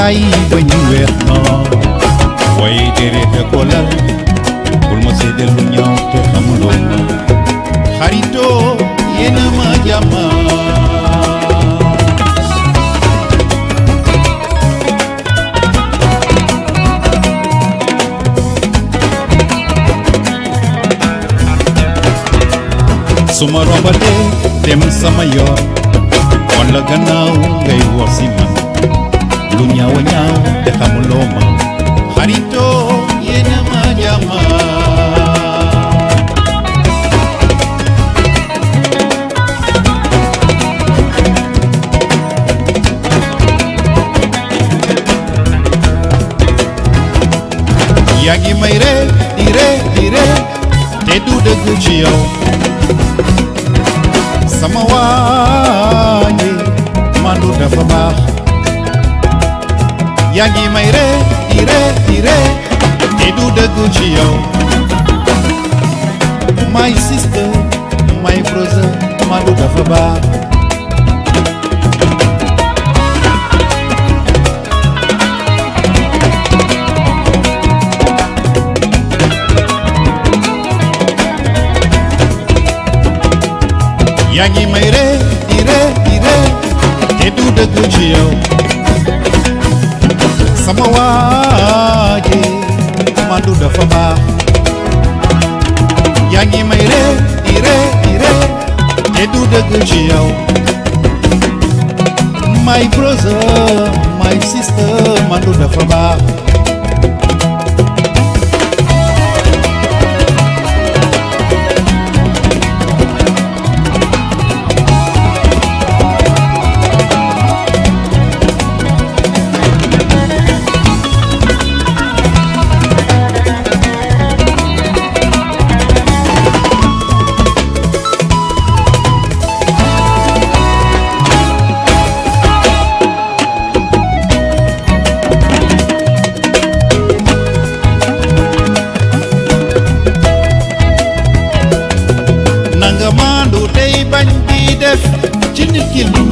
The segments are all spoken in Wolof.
caído em Vietnã Foi dele recolar Por você de l'união te ramulou Jarito, yena ma llama suma a dem sama yoon Con la gannaaw ngay wor si man lunyawa nyaw deha muloma harito yena majama Yagi maire dire dire Tedu du de gujiyo samawanye mandu da fabah Yagi mai re, ire, ire Idu de Gucci eu My sister, my brother Mă duc de făba mai re, ire, ire Idu de Gucci eu sama waje fama da fama yangi maire ire ire di ree te du my brother my sister da fama nga maandu tey bañ di ci nit ki lu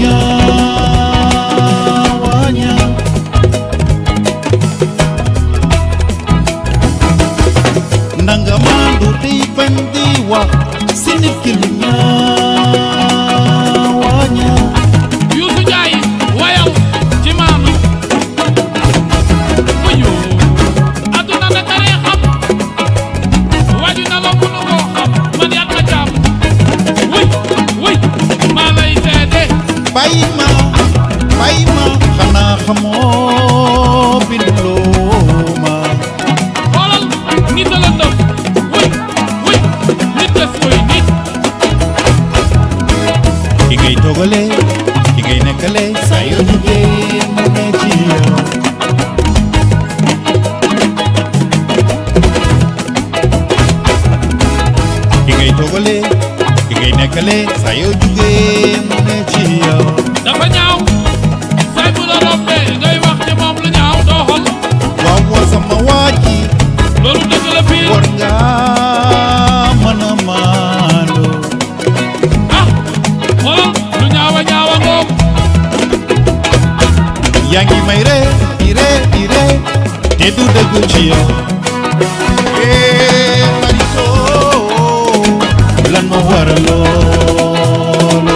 xamoo bindoo ma xoolal nit a la def wuy wuy nit def wuy nit ki ngay toogale ki ngay nekkale saa yoo jógee ne ci yow ki ngay toogale ki ngay nekkale saa yoo ne du dëggu ci yow ee xaritoo lan ma war a loolu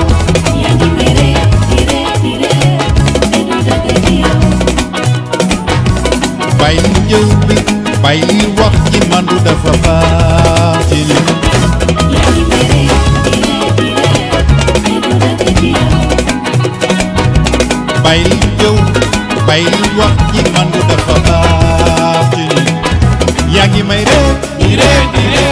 yaa ngi mere di ree di ree ne du dëgg li wax ji man du dafa baax रे धीरे धीरे